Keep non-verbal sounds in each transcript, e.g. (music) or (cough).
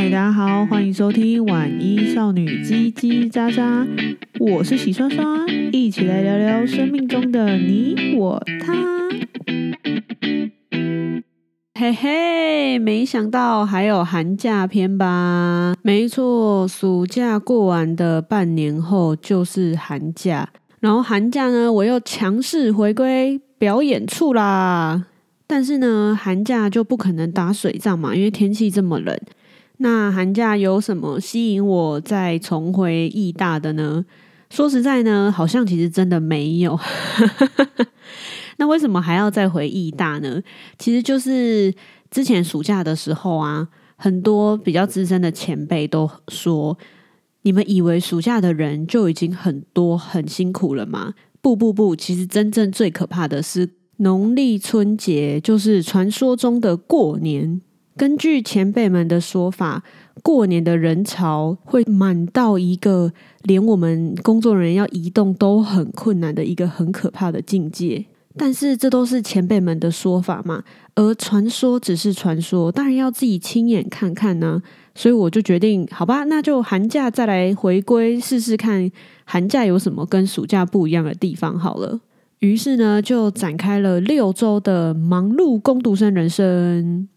Hi, 大家好，歡迎收聽《晚一少女嘰嘰喳喳》，我是洗刷刷，一起來聊聊生命中的你我他。嘿嘿，沒想到還有寒假篇吧？沒錯，暑假過完的半年後就是寒假，然後寒假呢，我又強勢回歸表演處啦。但是呢，寒假就不可能打水仗嘛，因為天氣這麼冷。那寒假有什麼吸引我再重回義大的呢？說實在呢，好像其實真的沒有。 (laughs) 那為什麼還要再回義大呢？其實就是之前暑假的時候啊，很多比較資深的前輩都說：“你們以為暑假的人就已經很多很辛苦了嗎？”不不不，其實真正最可怕的是農曆春節，就是傳說中的過年。根據前輩們的說法，過年的人潮會滿到一個連我們工作人員要移動都很困難的一個很可怕的境界。但是這都是前輩們的說法嘛，而傳說只是傳說，當然要自己親眼看看呢、啊。所以我就決定，好吧，那就寒假再來回歸試試看，寒假有什麼跟暑假不一樣的地方好了。於是呢，就展開了六周的忙碌工讀生人生。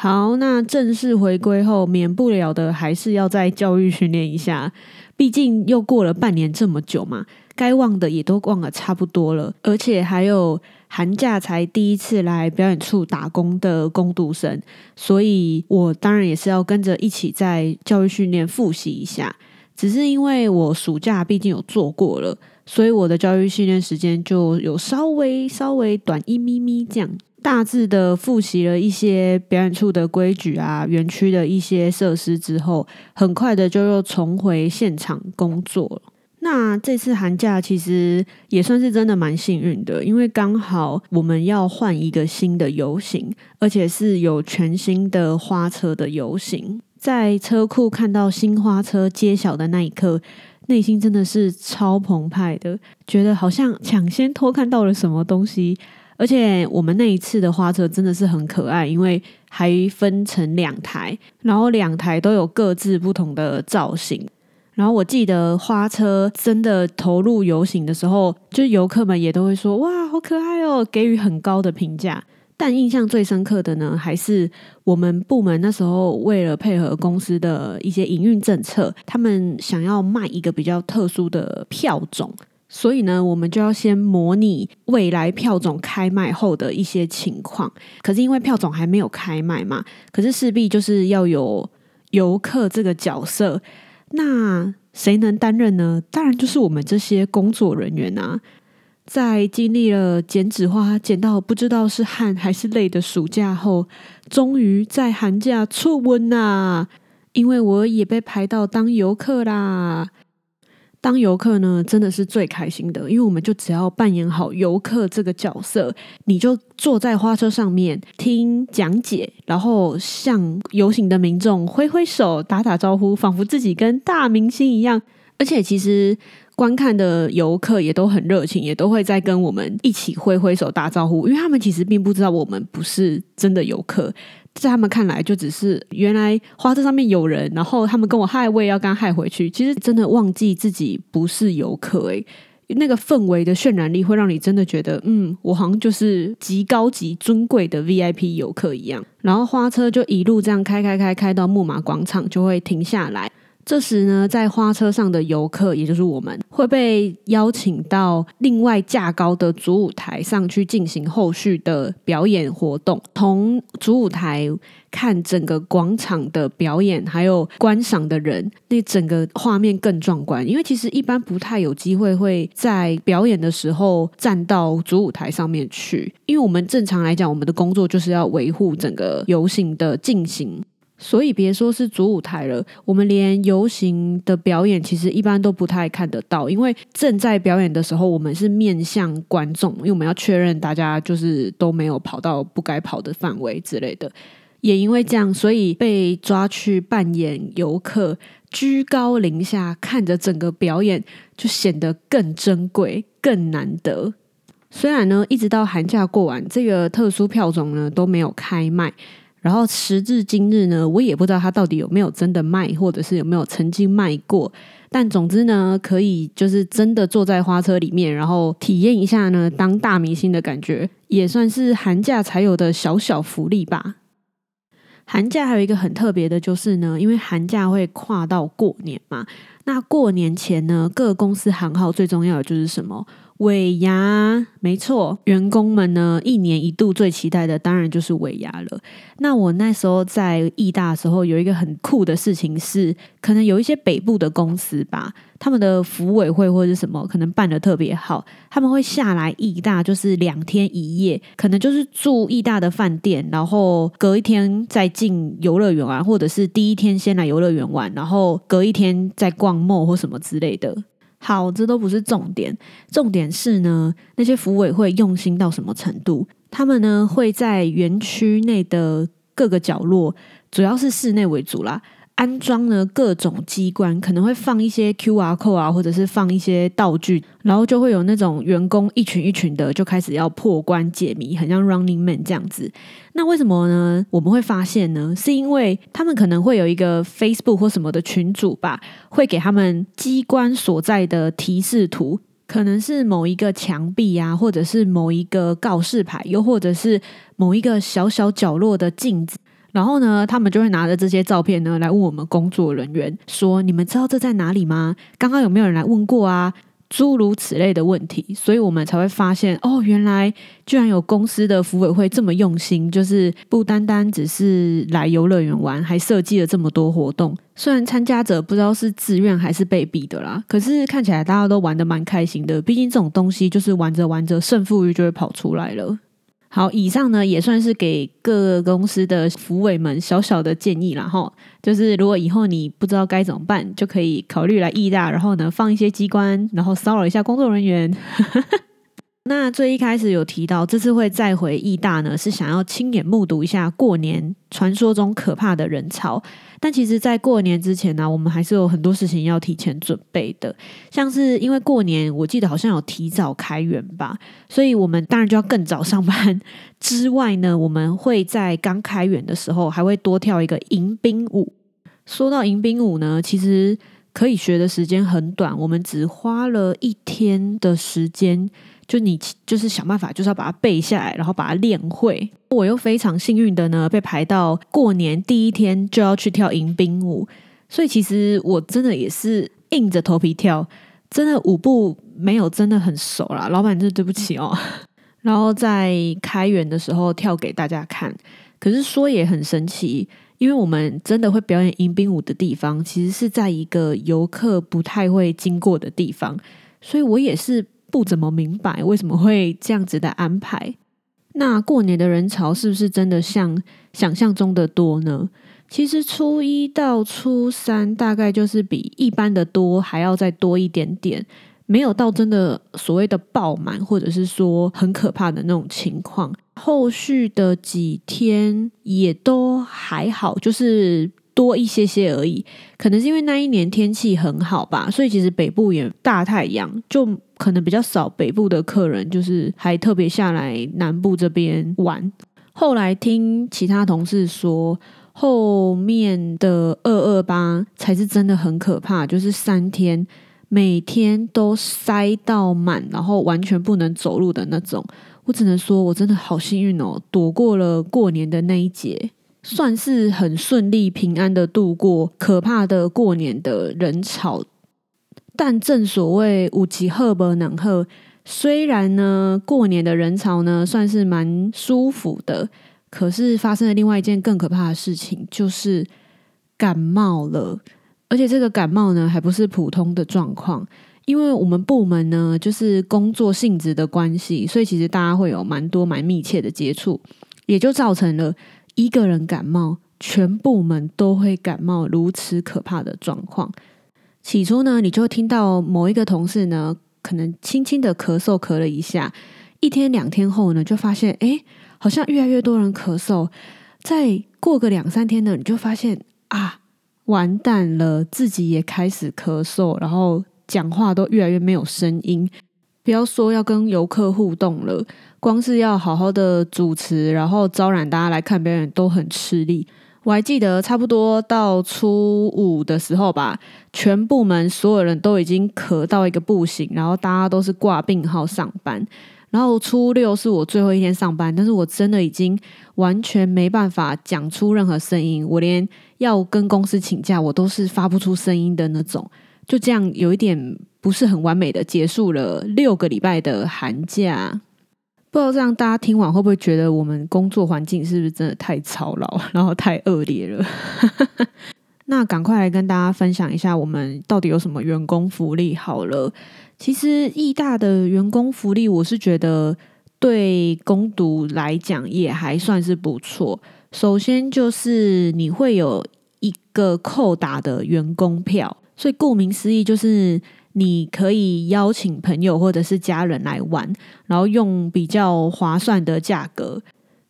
好，那正式回歸後，免不了的還是要再教育訓練一下，畢竟又過了半年這麼久嘛，該忘的也都忘了差不多了，而且還有寒假才第一次來表演處打工的工讀生，所以我當然也是要跟着一起在教育訓練複習一下，只是因為我暑假畢竟有做過了，所以我的教育訓練時間就有稍微稍微短一咪咪這樣。大致的複習了一些表演處的規矩啊，園區的一些設施之後，很快的就又重回現場工作。那這次寒假其實也算是真的蠻幸運的，因為剛好我們要換一個新的遊行，而且是有全新的花車的遊行。在車庫看到新花車揭曉的那一刻，內心真的是超澎湃的，覺得好像搶先偷看到了什麼東西。而且我們那一次的花車真的是很可愛，因為還分成兩台，然後兩台都有各自不同的造型。然後我記得花車真的投入遊行的時候，就是遊客們也都會說：“哇，好可愛哦！”給予很高的評價。但印象最深刻的呢，還是我們部門那時候為了配合公司的一些營運政策，他們想要賣一個比較特殊的票種。所以呢，我們就要先模擬未來票種開賣後的一些情況。可是因為票種還沒有開賣嘛，可是勢必就是要有遊客這個角色。那誰能擔任呢？當然就是我們這些工作人員啊！在經歷了剪紙花剪到不知道是汗還是淚的暑假後，終於在寒假出溫啊！因為我也被排到當遊客啦。當遊客呢，真的是最開心的，因為我們就只要扮演好遊客這個角色，你就坐在花車上面聽講解，然後向遊行的民眾揮揮手、打打招呼，仿佛自己跟大明星一樣。而且，其實觀看的遊客也都很熱情，也都會在跟我們一起揮揮手、打招呼，因為他們其實並不知道我們不是真的遊客。在他們看來，就只是原來花車上面有人，然後他們跟我嗨位，要跟他嗨回去。其實真的忘記自己不是遊客哎、欸，那個氛圍的渲染力會讓你真的覺得，嗯，我好像就是極高級尊貴的 VIP 遊客一樣。然後花車就一路這樣開開開，開到木馬廣場，就會停下來。這時呢，在花車上的遊客，也就是我們，會被邀請到另外架高的主舞台上去進行後續的表演活動。從主舞台看整個廣場的表演，還有觀賞的人，那整個畫面更壯觀。因為其實一般不太有機會會在表演的時候站到主舞台上面去，因為我們正常來講，我們的工作就是要維護整個遊行的進行。所以別說是主舞台了，我們連遊行的表演其實一般都不太看得到，因為正在表演的時候，我們是面向觀眾，因為我們要確認大家就是都沒有跑到不該跑的範圍之類的。也因為這樣，所以被抓去扮演遊客，居高臨下看着整個表演，就顯得更珍貴、更難得。雖然呢，一直到寒假過完，這個特殊票種呢都沒有開賣。然後時至今日呢，我也不知道他到底有沒有真的賣，或者是有沒有曾經賣過。但總之呢，可以就是真的坐在花車裡面，然後體驗一下呢當大明星的感覺，也算是寒假才有的小小福利吧。寒假還有一個很特別的，就是呢，因為寒假會跨到過年嘛。那過年前呢，各公司行號最重要的就是什麼？尾牙，沒錯，員工們呢，一年一度最期待的當然就是尾牙了。那我那時候在義大的時候有一個很酷的事情是，可能有一些北部的公司吧，他們的福委會或者是什麼可能辦得特別好，他們會下來義大就是兩天一夜，可能就是住義大的飯店，然後隔一天再進遊樂園玩，或者是第一天先來遊樂園玩，然後隔一天再逛 mall 或什麼之類的。好，這都不是重點。重點是呢，那些服委會用心到什麼程度？他們呢，會在園區內的各個角落，主要是室內為主啦。安裝呢，各種機關，可能會放一些 QR code 啊，或者是放一些道具，然後就會有那種員工一群一群的就開始要破關解謎，很像 Running Man 這樣子。那為什麼呢？我們會發現呢，是因為他們可能會有一個 Facebook 或什麼的群組吧，會給他們機關所在的提示圖，可能是某一個牆壁啊，或者是某一個告示牌，又或者是某一個小小角落的鏡子。然後呢，他們就會拿着這些照片呢來問我們工作人員，說：“你們知道這在哪裡嗎？剛剛有沒有人來問過啊？”諸如此類的問題，所以我們才會發現，哦，原來居然有公司的福委會這麼用心，就是不單單只是來遊樂園玩，還設計了這麼多活動。雖然參加者不知道是自願還是被逼的啦，可是看起來大家都玩得蠻開心的。畢竟這種東西就是玩着玩着，勝負慾就會跑出來了。好，以上呢也算是給各個公司的福委們小小的建議啦。齁，就是如果以後你不知道該怎麼辦，就可以考慮來義大，然後呢，放一些機關，然後騷擾一下工作人員。 (laughs) 那最一開始有提到，這次會再回義大呢，是想要親眼目睹一下過年傳說中可怕的人潮。但其實，在過年之前呢、啊，我們還是有很多事情要提前準備的，像是因為過年，我記得好像有提早開園吧，所以我們當然就要更早上班。之外呢，我們會在剛開園的時候，還會多跳一個迎賓舞。說到迎賓舞呢，其實可以學的時間很短，我們只花了一天的時間。就你就是想辦法，就是要把它背下來，然後把它練會。我又非常幸運的呢，被排到過年第一天就要去跳迎賓舞，所以其實我真的也是硬着頭皮跳，真的舞步沒有真的很熟啦，老闆，真的對不起哦。嗯、然後在開園的時候跳給大家看，可是說也很神奇，因為我們真的會表演迎賓舞的地方，其實是在一個遊客不太會經過的地方，所以我也是。不怎麼明白為什麼會這樣子的安排。那過年的人潮是不是真的像想象中的多呢？其實初一到初三大概就是比一般的多還要再多一點點，沒有到真的所謂的爆滿，或者是說很可怕的那種情況。後續的幾天也都還好，就是。多一些些而已，可能是因為那一年天氣很好吧，所以其實北部也大太陽，就可能比較少北部的客人，就是還特別下來南部這邊玩。後來聽其他同事說，後面的二二八才是真的很可怕，就是三天每天都塞到滿，然後完全不能走路的那種。我只能說我真的好幸運哦，躲過了過年的那一劫。算是很順利、平安的度過可怕的過年的人潮。但正所謂「有一好沒兩好」，雖然呢，過年的人潮呢算是蠻舒服的，可是發生了另外一件更可怕的事情，就是感冒了。而且這個感冒呢，還不是普通的狀況，因為我們部門呢，就是工作性質的關係，所以其實大家會有蠻多蠻密切的接觸，也就造成了。一個人感冒，全部門都會感冒，如此可怕的狀況。起初呢，你就聽到某一個同事呢，可能輕輕的咳嗽咳了一下。一天兩天後呢，就發現，哎，好像越來越多人咳嗽。再過個兩三天呢，你就發現，啊，完蛋了，自己也開始咳嗽，然後講話都越來越沒有聲音。不要說要跟遊客互動了，光是要好好的主持，然後招攬大家來看表演，都很吃力。我還記得差不多到初五的時候吧，全部門所有人都已經咳到一個不行，然後大家都是掛病號上班。然後初六是我最後一天上班，但是我真的已經完全沒辦法講出任何聲音，我連要跟公司請假，我都是發不出聲音的那種。就這樣，有一點。不是很完美的結束了六個禮拜的寒假，不知道這樣大家聽完會不會覺得我們工作環境是不是真的太操勞，然後太惡劣了？ (laughs) 那趕快來跟大家分享一下我們到底有什麼員工福利好了。其實義大的員工福利，我是覺得對工讀來講也還算是不錯。首先就是你會有一個扣打的員工票，所以顧名思義就是。你可以邀請朋友或者是家人來玩，然後用比較划算的價格。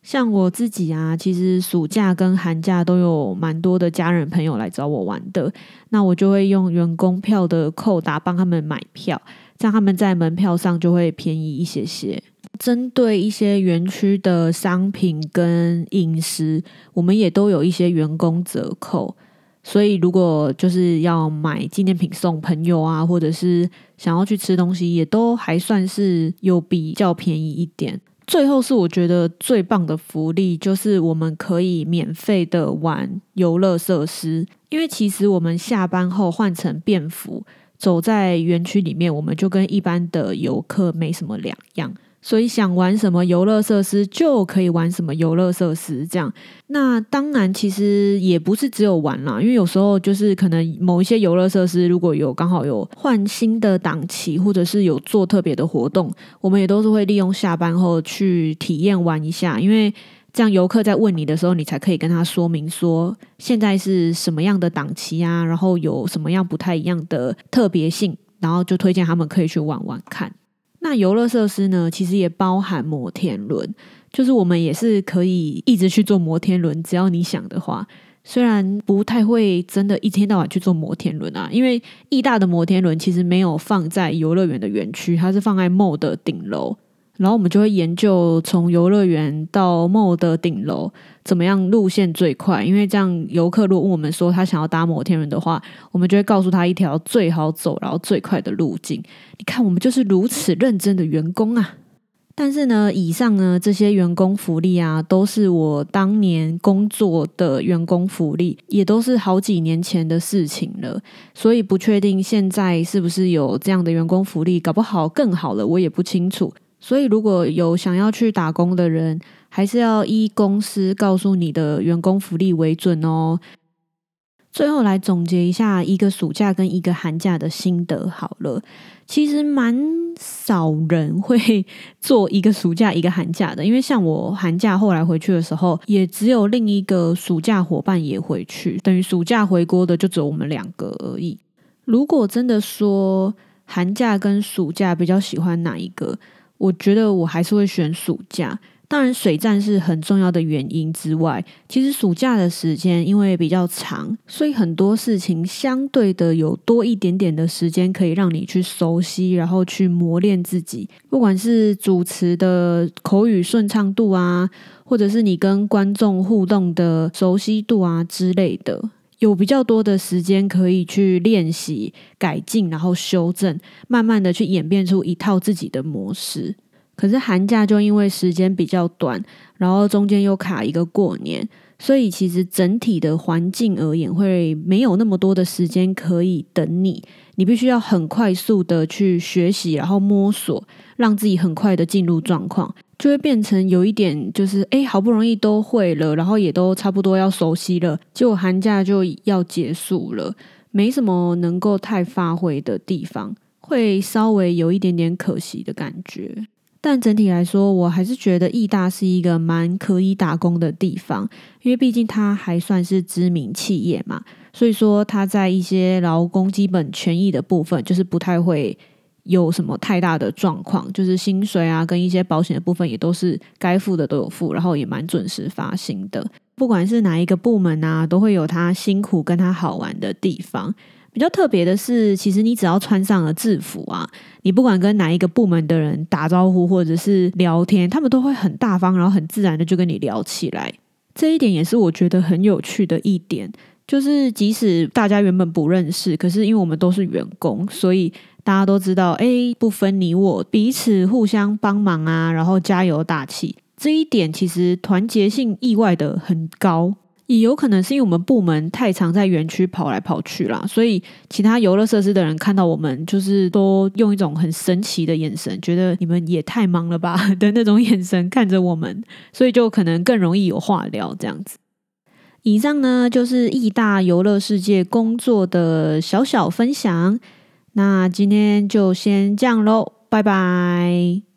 像我自己啊，其實暑假跟寒假都有蠻多的家人朋友來找我玩的，那我就會用員工票的扣打幫他們買票，讓他們在門票上就會便宜一些些。針對一些園區的商品跟飲食，我們也都有一些員工折扣。所以，如果就是要買紀念品送朋友啊，或者是想要去吃東西，也都還算是有比較便宜一點。最後是我覺得最棒的福利，就是我們可以免費的玩遊樂設施。因為其實我們下班後換成便服，走在園區裡面，我們就跟一般的遊客沒什麼兩樣。所以想玩什麼遊樂設施就可以玩什麼遊樂設施，這樣。那當然，其實也不是只有玩啦，因為有時候就是可能某一些遊樂設施如果有剛好有換新的檔期，或者是有做特別的活動，我們也都是會利用下班後去體驗玩一下，因為這樣遊客在問你的時候，你才可以跟他說明說現在是什麼樣的檔期啊，然後有什麼樣不太一樣的特別性，然後就推薦他們可以去玩玩看。那遊樂設施呢？其實也包含摩天輪，就是我們也是可以一直去坐摩天輪，只要你想的話。雖然不太會真的一天到晚去坐摩天輪啊，因為義大的摩天輪其實沒有放在遊樂園的園區，它是放在 mall 的頂樓。然後我們就會研究從遊樂園到摩的頂樓怎麼樣路線最快，因為這樣遊客如果問我們說他想要搭摩天輪的話，我們就會告訴他一條最好走然後最快的路徑。你看，我們就是如此認真的員工啊！但是呢，以上呢這些員工福利啊，都是我當年工作的員工福利，也都是好幾年前的事情了，所以不確定現在是不是有這樣的員工福利，搞不好更好了，我也不清楚。所以，如果有想要去打工的人，還是要依公司告訴你的員工福利為準哦。最後來總結一下一個暑假跟一個寒假的心得好了。其實蠻少人會做一個暑假一個寒假的，因為像我寒假後來回去的時候，也只有另一個暑假夥伴也回去，等於暑假回鍋的就只有我們兩個而已。如果真的說寒假跟暑假比較喜歡哪一個？我覺得我還是會選暑假，當然水戰是很重要的原因之外，其實暑假的時間因為比較長，所以很多事情相對的有多一點點的時間可以讓你去熟悉，然後去磨練自己，不管是主持的口語順暢度啊，或者是你跟觀眾互動的熟悉度啊之類的。有比較多的時間可以去練習、改進，然後修正，慢慢的去演變出一套自己的模式。可是寒假就因為時間比較短，然後中間又卡一個過年，所以其實整體的環境而言，會沒有那麼多的時間可以等你。你必須要很快速的去學習，然後摸索，讓自己很快的進入狀況。就會變成有一點，就是誒、欸、好不容易都會了，然後也都差不多要熟悉了，結果寒假就要結束了，沒什麼能夠太發揮的地方，會稍微有一點點可惜的感覺。但整體來說，我還是覺得義大是一個蠻可以打工的地方，因為畢竟它還算是知名企業嘛，所以說它在一些勞工基本權益的部分，就是不太會。有什麼太大的狀況，就是薪水啊，跟一些保險的部分也都是該付的都有付，然後也蠻準時發薪的。不管是哪一個部門啊，都會有他辛苦跟他好玩的地方。比較特別的是，其實你只要穿上了制服啊，你不管跟哪一個部門的人打招呼或者是聊天，他們都會很大方，然後很自然的就跟你聊起來。這一點也是我覺得很有趣的一點，就是即使大家原本不認識，可是因為我們都是員工，所以。大家都知道，哎，不分你我，彼此互相幫忙啊，然後加油打氣，這一點其實團結性意外的很高。也有可能是因為我們部門太常在園區跑來跑去啦。所以其他遊樂設施的人看到我們，就是都用一種很神奇的眼神，覺得你們也太忙了吧的那種眼神看着我們，所以就可能更容易有話聊這樣子。以上呢，就是義大遊樂世界工作的小小分享。那今天就先這樣嘍，拜拜。